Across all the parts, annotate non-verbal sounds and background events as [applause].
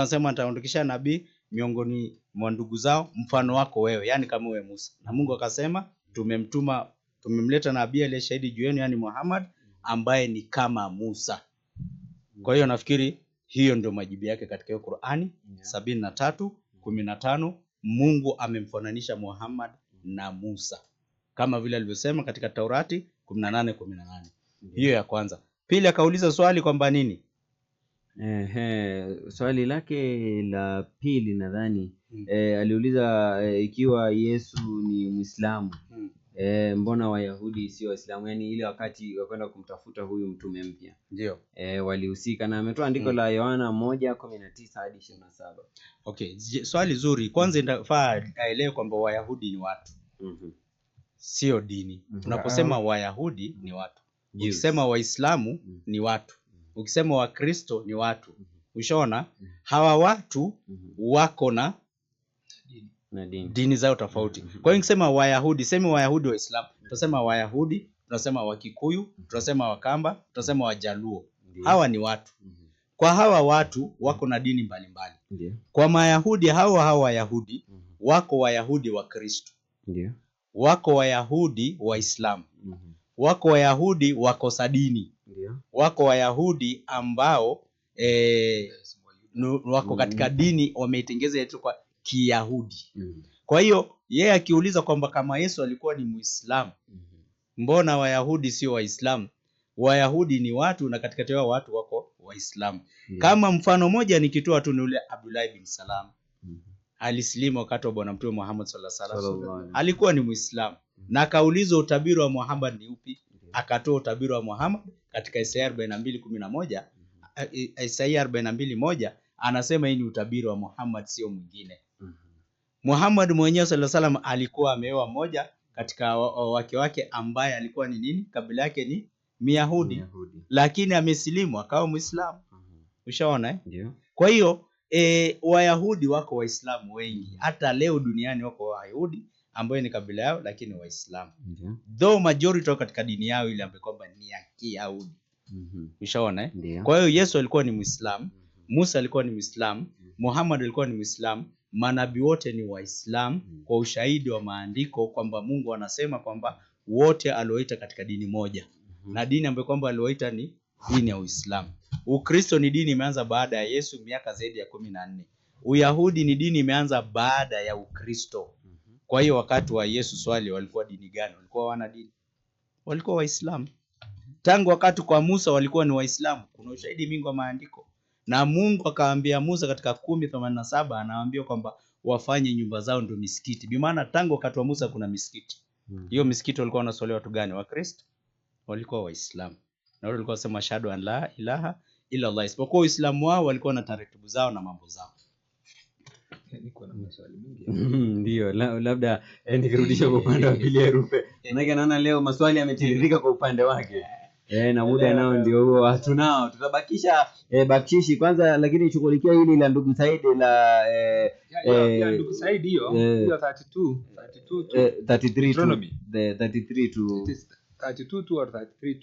Anasema nitaondokesha nabii miongoni mwa ndugu zao mfano wako wewe, yani kama wewe Musa. Na Mungu akasema tumemtuma, tumemleta nabii aliye shahidi juu yenu, yani Muhammad ambaye ni kama Musa. Kwa hiyo nafikiri hiyo ndio majibu yake katika hiyo Qur'ani yeah. sabini na tatu kumi na tano Mungu amemfananisha Muhammad na Musa kama vile alivyosema katika Taurati kumi na nane kumi na nane Hiyo ya kwanza. Pili akauliza swali kwamba nini Swali lake la pili nadhani hmm. E, aliuliza e, ikiwa Yesu ni muislamu hmm. E, mbona Wayahudi sio Waislamu? Yaani ile wakati wakwenda kumtafuta huyu mtume mpya ndio e, walihusika na ametoa andiko hmm. la Yohana moja kumi na tisa hadi ishirini na saba. Okay, swali zuri. Kwanza inafaa aelewe kwamba Wayahudi ni watu mm -hmm. sio dini. Mhm. unaposema mm -hmm. Wayahudi ni watu, ukisema Waislamu mm. ni watu Ukisema Wakristo ni watu, mhm. ushaona mhm. hawa watu mhm. wako na dini, dini zao tofauti. Kwa hiyo nikisema Wayahudi, semi Wayahudi waislam tunasema Wayahudi, tunasema Wakikuyu, tunasema Wakamba, tunasema Wajaluo. Hawa ni watu. Kwa hawa watu wako na dini mbalimbali mbali. Kwa Mayahudi hawa hawa Wayahudi wako Wayahudi wa Kristo, wako Wayahudi Waislamu wako Wayahudi wakosa dini yeah. Wako Wayahudi ambao e, wako katika mm. dini wameitengeza yetu kwa Kiyahudi mm. Kwa hiyo yeye akiuliza kwamba kama Yesu alikuwa ni Muislamu mm -hmm. mbona Wayahudi sio Waislamu? Wayahudi ni watu na katikati yao watu wako Waislamu yeah. Mm. Kama mfano moja nikitoa tu ni ule Abdullahi bin Salam mm -hmm. alisilimu wakati wa Bwana Mtume Muhammad sallallahu alaihi wasallam, alikuwa ni Muislamu na akauliza utabiri wa Muhammad ni upi? Akatoa utabiri wa Muhammad katika Isaia 42:11. Isaia 42:1 anasema hii ni utabiri wa Muhammad, sio mwingine. Mhm. Muhammad mwenyewe sallallahu alaihi wasallam alikuwa ameoa moja katika wake wake ambaye alikuwa ni nini, kabila yake ni Myahudi, Myahudi. Lakini amesilimu akawa Muislamu. Mhm. Ushaona eh? Ndio. Kwa hiyo e, Wayahudi wako Waislamu wengi hata leo duniani wako Wayahudi ambayo ni kabila yao lakini Waislamu mm -hmm. though majority wao katika dini yao ile ambayo kwamba ni ya Kiyahudi mm -hmm. ushaona eh? kwa hiyo Yesu alikuwa ni Muislamu mm -hmm. Musa alikuwa ni Muislamu mm -hmm. Muhammad alikuwa ni Muislamu manabii wote ni Waislamu mm -hmm. kwa ushahidi wa maandiko kwamba Mungu anasema kwamba wote alioita katika dini moja mm -hmm. na dini ambayo kwamba alioita ni dini ya Uislamu. Ukristo ni dini imeanza baada ya Yesu miaka zaidi ya kumi na nne. Uyahudi ni dini imeanza baada ya Ukristo. Kwa hiyo wakati wa Yesu swali walikuwa dini gani? Walikuwa wana dini, walikuwa Waislamu. Tangu wakati kwa Musa walikuwa ni Waislamu. Kuna ushahidi mingi wa maandiko, na Mungu akaambia Musa katika 10:87 themanini anawaambia kwamba wafanye nyumba zao ndio misikiti. Bi maana tangu wakati wa Musa kuna misikiti hmm. hiyo. Hmm. Misikiti walikuwa wanaswalia watu gani? Wakristo walikuwa Waislamu, na wale walikuwa wasema shahadu an la ilaha illa Allah, isipokuwa Uislamu wao walikuwa na taratibu zao na mambo zao. [laughs] Ndio, labda eh, nikirudisha kwa upande wa pili herufe, manake naona leo maswali yametiririka kwa upande wake. E, na muda nao ndio huo hatunao, tutabakisha e, eh, bakshishi kwanza, lakini shughulikia hili la ndugu Saidi la e, ndugu hiyo 32 32 33 33 33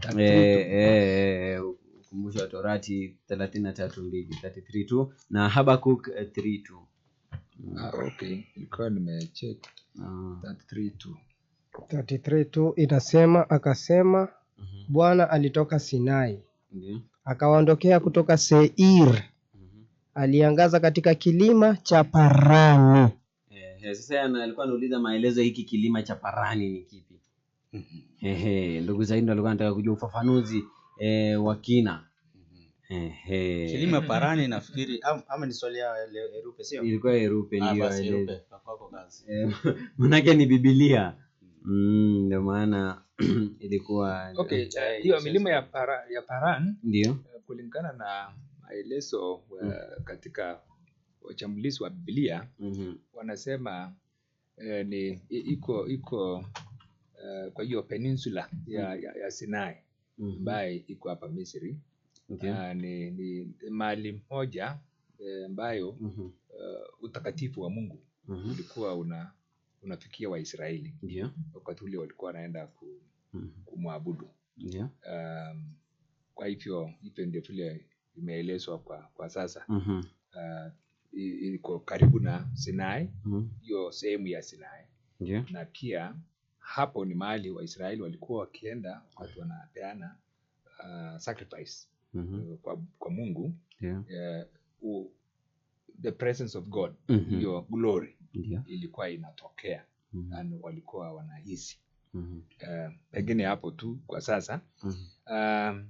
33 ukumbusho wa torati thelathini na tatu mbili thelathini two na habakuk three two Ah, okay ilikuwa ah. inasema akasema mm-hmm. bwana alitoka sinai mm-hmm. akawaondokea kutoka seir mm-hmm. aliangaza katika kilima cha parani eh, eh sasa alikuwa anauliza maelezo hiki kilima cha parani ni kipi mhm. ndugu zaidi alikuwa anataka kujua ufafanuzi e, wa kina mhm. [laughs] nafikiri ama, ni swali Ilikuwa ah, eh, [laughs] Manake ni bibilia mm. mm, ndio mm, maana [clears throat] ilikuwa [clears throat] okay. Eh, hiyo milima ya, para, ya Paran ndio kulingana na maelezo mm. katika wachambulizi wa Biblia mm -hmm. wanasema ni iko iko uh, kwa hiyo peninsula ya, ya, ya Sinai ambaye mm -hmm. iko hapa Misri okay. Uh, ni, ni mali moja eh, ambayo mm -hmm. uh, utakatifu wa Mungu mm -hmm. ulikuwa una unafikia Waisraeli yeah. wakati ule walikuwa wanaenda ku, mm -hmm. kumwabudu yeah. um, kwa hivyo hivyo ndio vile imeelezwa kwa, kwa sasa mm -hmm. uh, iko karibu na Sinai mm-hmm. hiyo mm -hmm. sehemu ya Sinai yeah. na pia hapo ni mahali Waisraeli walikuwa wakienda watu wanapeana uh, sacrifice mm -hmm. kwa, kwa Mungu yeah. uh, the presence of God mm hiyo -hmm. glory yeah. ilikuwa inatokea mm -hmm. walikuwa wanahisi mm -hmm. uh, pengine hapo tu kwa sasa mm -hmm.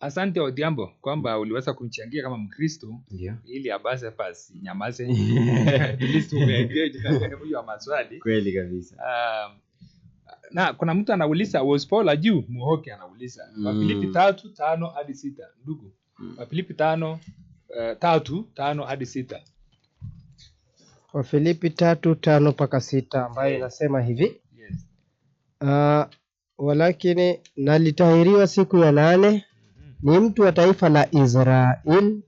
Asante Odhiambo kwamba uliweza kumchangia kama Mkristo yeah. ili abase pasi nyamaze [laughs] umeengeuwa maswali kweli kabisa. Um, na kuna mtu anauliza was Paul a Jew? Muhoke anauliza mm. Wafilipi tatu tano hadi sita ndugu mm. Wafilipi tano uh, tatu tano hadi sita Wafilipi tatu tano mpaka sita ambayo yeah. inasema hivi yes. Uh, walakini nalitahiriwa siku ya nane ni mtu wa taifa la Israel mm-hmm.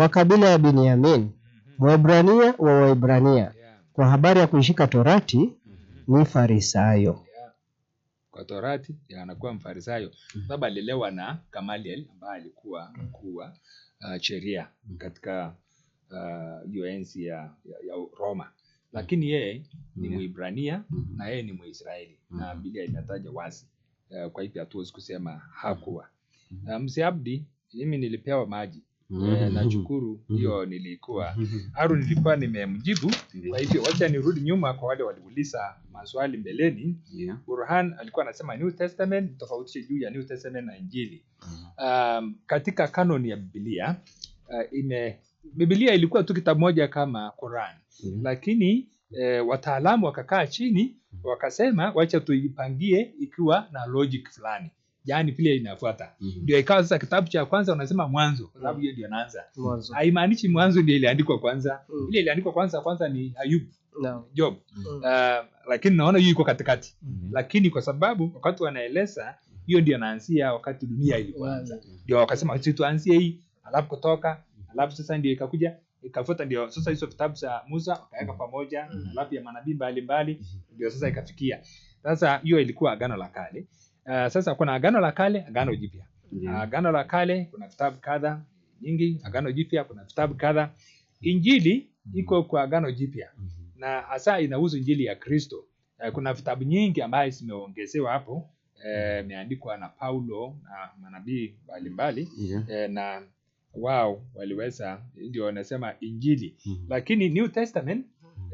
wa kabila ya binyamin Mwebrania mm-hmm. wa Waebrania. Kwa habari ya kuishika Torati mm-hmm. ni Farisayo kwa Torati anakuwa Mfarisayo sababu alilelewa na Gamaliel ambaye alikuwa mkuu wa uh, sheria katika hiyo uh, enzi ya, ya, ya Roma, lakini yeye ni Mwibrania na yeye ni Mwisraeli na Biblia inataja wazi uh, kwa hivyo hatuwezi kusema hakuwa Msiabdi mhm. ah, mimi nilipewa maji mhm. eh, nashukuru hiyo nilikuwa mhm. Haru nilikuwa nimemjibu kwa hivyo wacha nirudi nyuma kwa wale waliuliza maswali mbeleni yeah. Burhan alikuwa anasema New Testament tofautishe juu ya New Testament na Injili mm. um, katika kanoni ya Biblia uh, ime Biblia ilikuwa tu kitabu moja kama Quran yeah. Mm. lakini E, wataalamu wakakaa chini mm. wakasema, wacha tuipangie ikiwa na logic fulani yaani vile inafuata mhm. ndio. mm -hmm. Ikawa sasa kitabu cha kwanza unasema Mwanzo kwa sababu hiyo ndio inaanza. Haimaanishi Mwanzo ndio iliandikwa kwanza. mm -hmm. Ile iliandikwa kwanza kwanza ni Ayubu no. Job. mm -hmm. Uh, lakini naona hiyo iko katikati. mm -hmm. Lakini kwa sababu wakati wanaeleza hiyo ndio naanzia wakati dunia ilipoanza. Mm. ndio mm -hmm. wakasema sisi tuanzie hii alafu kutoka alafu sasa ndio ikakuja ikafuta ndio sasa hizo vitabu za Musa wakaweka mm. pamoja mm-hmm. alafu ya manabii mbalimbali mm. ndio sasa ikafikia sasa hiyo ilikuwa Agano la Kale. Uh, sasa kuna Agano la Kale, Agano mm. Jipya. Yeah. Agano la Kale kuna vitabu kadha nyingi, Agano Jipya kuna vitabu kadha. Injili mm. iko kwa Agano Jipya mm -hmm. na hasa inahusu Injili ya Kristo. Uh, kuna vitabu nyingi ambayo zimeongezewa hapo eh, mm. imeandikwa eh, na Paulo na manabii mbalimbali yeah. eh, na wao waliweza ndio wanasema Injili mm -hmm. lakini New Testament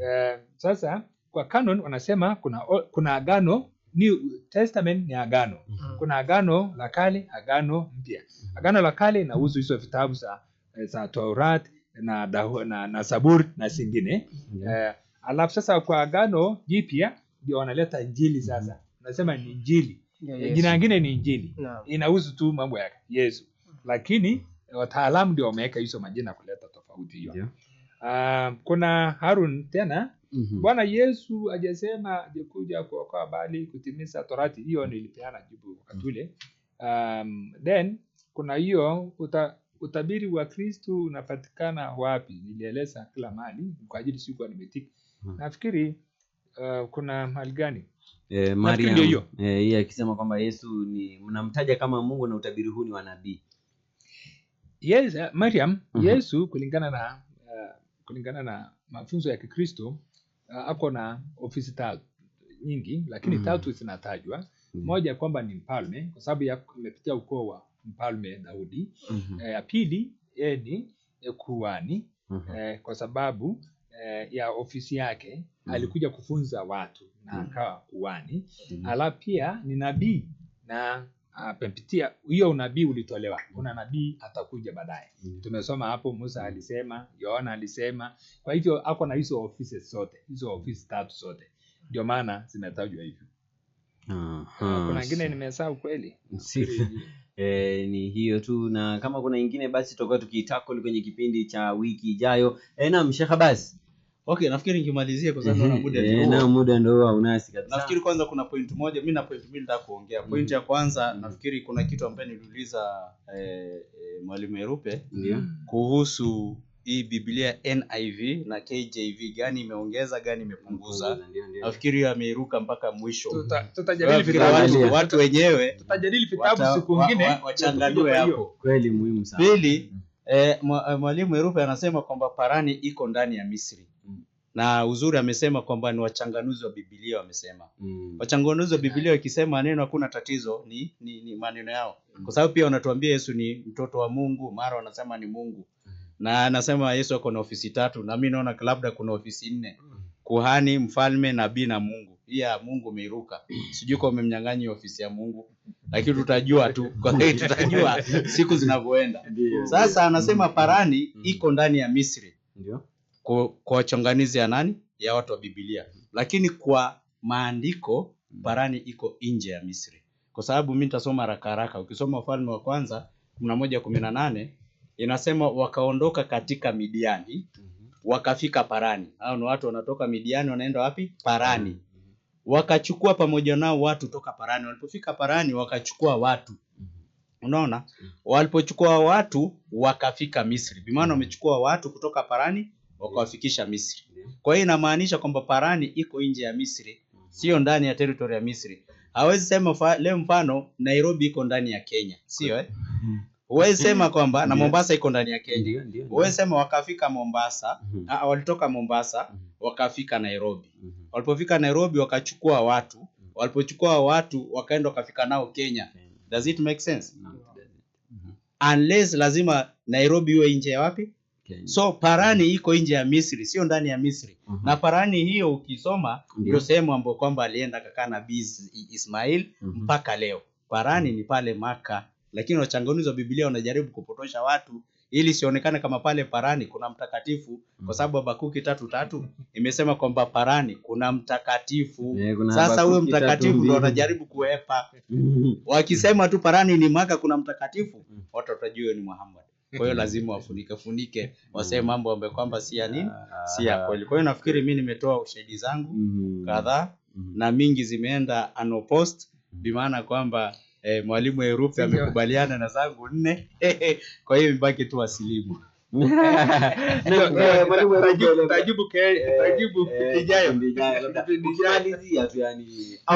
eh, sasa kwa canon wanasema kuna, kuna Agano New Testament ni agano mm -hmm. Kuna agano la kale, agano mpya. Mhm. Agano la kale inahusu hizo vitabu za eh, za Taurat na, na, na Zaburi na zingine mm -hmm. Uh, alafu sasa kwa agano jipya ndio wanaleta Injili sasa, mhm. nasema ni Injili yeah, yes. Jina lingine ni Injili no. Inahusu tu mambo ya Yesu, mhm. lakini eh, wataalamu ndio wameweka hizo majina kuleta tofauti hiyo yeah. Uh, kuna Harun tena hmm bwana yesu ajasema jekuja kuokoa bali kutimiza torati hiyo nilipeana jibu wakati mhm. ule um, then kuna hiyo uta, utabiri wa kristu unapatikana wapi nilieleza kila mahali kwa ajili sikuwa nimetiki hmm. nafikiri uh, kuna mahali gani eh, Maria eh, akisema kwamba yesu ni mnamtaja kama mungu na utabiri huu ni wa nabii yes, uh, mariam mm-hmm. yesu kulingana na uh, kulingana na mafunzo ya kikristo Uh, ako na ofisi tatu nyingi, lakini mm. tatu zinatajwa mm. moja kwamba ni mfalme kwa sababu imepitia ukoo wa mfalme Daudi mm -hmm. ya pili yeye ni e, kuhani mm -hmm. e, kwa sababu e, ya ofisi yake mm -hmm. alikuja kufunza watu na mm. akawa kuani mm -hmm. ala pia ni nabii na amepitia hiyo unabii ulitolewa. Kuna nabii atakuja baadaye. Mm. Tumesoma hapo Musa alisema, Yohana alisema. Kwa hivyo ako na hizo ofisi zote, hizo ofisi tatu zote. Ndio maana zimetajwa hivyo. Ah, kuna nyingine nimesahau kweli. [laughs] E, ni hiyo tu, na kama kuna ingine basi tutakuwa tukiitackle kwenye kipindi cha wiki ijayo. E, naam Sheikh basi okay nafikiri nikimalizia kwa sababu mhm. naona muda eh, ndio na muda ndio unasi kabisa nafikiri kwanza kuna point moja mimi na point mbili nataka kuongea mm. point ya kwanza mm. nafikiri kuna kitu ambaye niliuliza eh, eh, mwalimu Erupe mm. kuhusu hii Biblia NIV na KJV gani imeongeza gani imepunguza. Nafikiri ameiruka mpaka mwisho. Mm. tutajadili vitabu watu wenyewe, tutajadili vitabu siku nyingine wachanganue hapo. Kweli muhimu sana. Pili, mm. eh, mwalimu Herupe anasema kwamba Parani iko ndani ya Misri na uzuri amesema kwamba ni wachanganuzi wa Biblia wamesema. mm. Wachanganuzi wa Biblia wakisema neno hakuna tatizo, ni, ni, ni maneno yao mm. kwa sababu pia wanatuambia Yesu ni mtoto wa Mungu, mara wanasema ni Mungu mm. na anasema Yesu ako na ofisi tatu, na mimi naona labda kuna ofisi nne mm. kuhani, mfalme, nabii na Mungu. Hii ya Mungu umeiruka, sijui kwa umemnyang'anya ofisi ya Mungu, lakini tutajua tu kwa hiyo tutajua [laughs] siku zinavyoenda. Sasa anasema parani mm. iko ndani ya Misri Ndiyo kwa, wachanganizi chonganizi ya nani ya watu wa Biblia, lakini kwa maandiko mm. barani iko nje ya Misri, kwa sababu mimi nitasoma haraka haraka. Ukisoma Ufalme wa Kwanza kumi na moja kumi na nane inasema wakaondoka katika Midiani mm-hmm. wakafika Parani. Hao ni watu wanatoka Midiani wanaenda wapi? Parani. Mm-hmm. Wakachukua pamoja nao watu toka Parani. Walipofika Parani wakachukua watu, mm-hmm. unaona, walipochukua watu wakafika Misri. Bimaana wamechukua watu kutoka Parani wakawafikisha Misri. Kwa hiyo inamaanisha kwamba Parani iko nje ya Misri, mhm. sio ndani ya territory ya Misri. Hawezi sema leo, mfano Nairobi iko ndani ya Kenya, sio eh? Mhm. Huwezi sema kwamba na Mombasa iko ndani ya Kenya. Huwezi sema wakafika Mombasa, mhm. walitoka Mombasa wakafika Nairobi. Walipofika Nairobi wakachukua watu, walipochukua watu wakaenda wakafika nao Kenya. Does it make sense? Unless lazima Nairobi iwe nje ya wapi? okay. So Parani mm. iko nje ya Misri, sio ndani ya Misri mm-hmm. Na Parani hiyo ukisoma ndio yeah. Sehemu ambayo kwamba alienda kakaa nabii Ismail mm-hmm. Mpaka leo Parani ni pale Maka, lakini wachanganuzi wa Biblia wanajaribu kupotosha watu ili sionekane kama pale Parani kuna mtakatifu, kwa mm-hmm. sababu Habakuki tatu tatu imesema kwamba Parani kuna mtakatifu yeah, kuna sasa huyo mtakatifu ndio wanajaribu kuepa mm-hmm. wakisema tu Parani ni Maka kuna mtakatifu, mm-hmm. watu watajua ni Muhammad kwa hiyo [laughs] lazima wafunike funike, waseme mm. mambo ambayo kwamba si ya nini, ah, si ya ah, kweli. Ah. Kwa hiyo nafikiri mimi nimetoa ushahidi zangu mm -hmm. kadhaa mm -hmm. na mingi zimeenda anopost mm-hmm. bi maana kwamba eh, mwalimu erupe amekubaliana na zangu nne [laughs] kwa hiyo mbaki tu wasilimu [laughs] eh,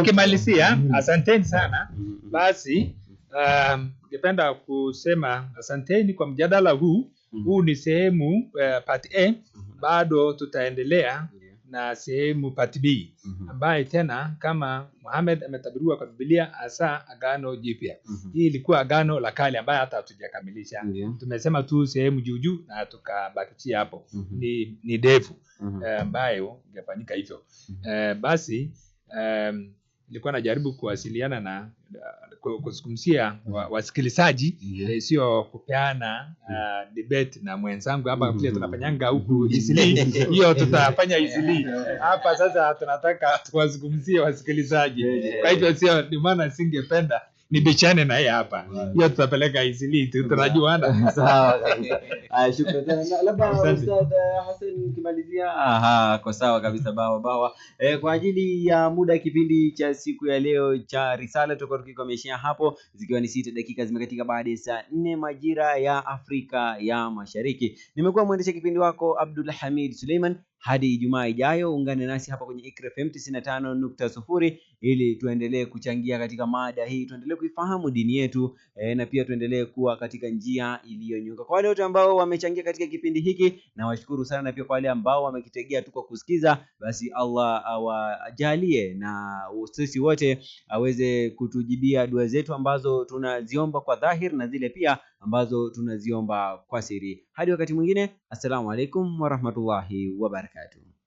ukimalizia, asanteni sana mm-hmm. basi. Um, ningependa um, kusema asanteni kwa mjadala huu mm. huu ni sehemu uh, part A mm-hmm. bado tutaendelea yeah. na sehemu part B mm-hmm. ambaye tena kama Muhammad ametabiriwa kwa Biblia hasa agano jipya mm-hmm. hii ilikuwa agano la kale ambaye hata hatujakamilisha yeah. tumesema tu sehemu juu juu na tukabakishia hapo mm-hmm. ni, ni devu mm-hmm. uh, eh, ambayo ingefanyika hivyo mm-hmm. uh, basi um, ilikuwa najaribu kuwasiliana na Uh, kuzungumzia wasikilizaji yeah. Eh, sio kupeana uh, debate na mwenzangu hapa mm-hmm. vile tunafanyanga huku mm-hmm. easily. [laughs] Hiyo tutafanya easily hapa sasa, tunataka tuwazungumzie wasikilizaji, kwa hivyo sio ndio maana singependa nibichane naye hapa hiyo, tutapeleka Eastleigh tu, tunajuana. [laughs] Sawa kabisa, [laughs] shukrani Labda Ustadh eh, Hassan, Aha, kwa sawa kabisa, bawa bawa. E, kwa ajili ya muda kipindi cha siku ya leo cha Risala tutakuwa tukikomeshea hapo, zikiwa ni sita dakika zimekatika baada ya saa nne majira ya Afrika ya Mashariki. Nimekuwa mwendesha kipindi wako Abdul Hamid Suleiman hadi Ijumaa ijayo ungane nasi hapa kwenye Iqra FM 95.0 ili tuendelee kuchangia katika mada hii, tuendelee kuifahamu dini yetu e, na pia tuendelee kuwa katika njia iliyonyooka. Kwa wale wote ambao wamechangia katika kipindi hiki nawashukuru sana, na pia kwa wale ambao wamekitegea tu kwa kusikiza, basi Allah awajalie na sisi wote aweze kutujibia dua zetu ambazo tunaziomba kwa dhahir na zile pia ambazo tunaziomba kwa siri. Hadi wakati mwingine, assalamu alaikum warahmatullahi wabarakatuh.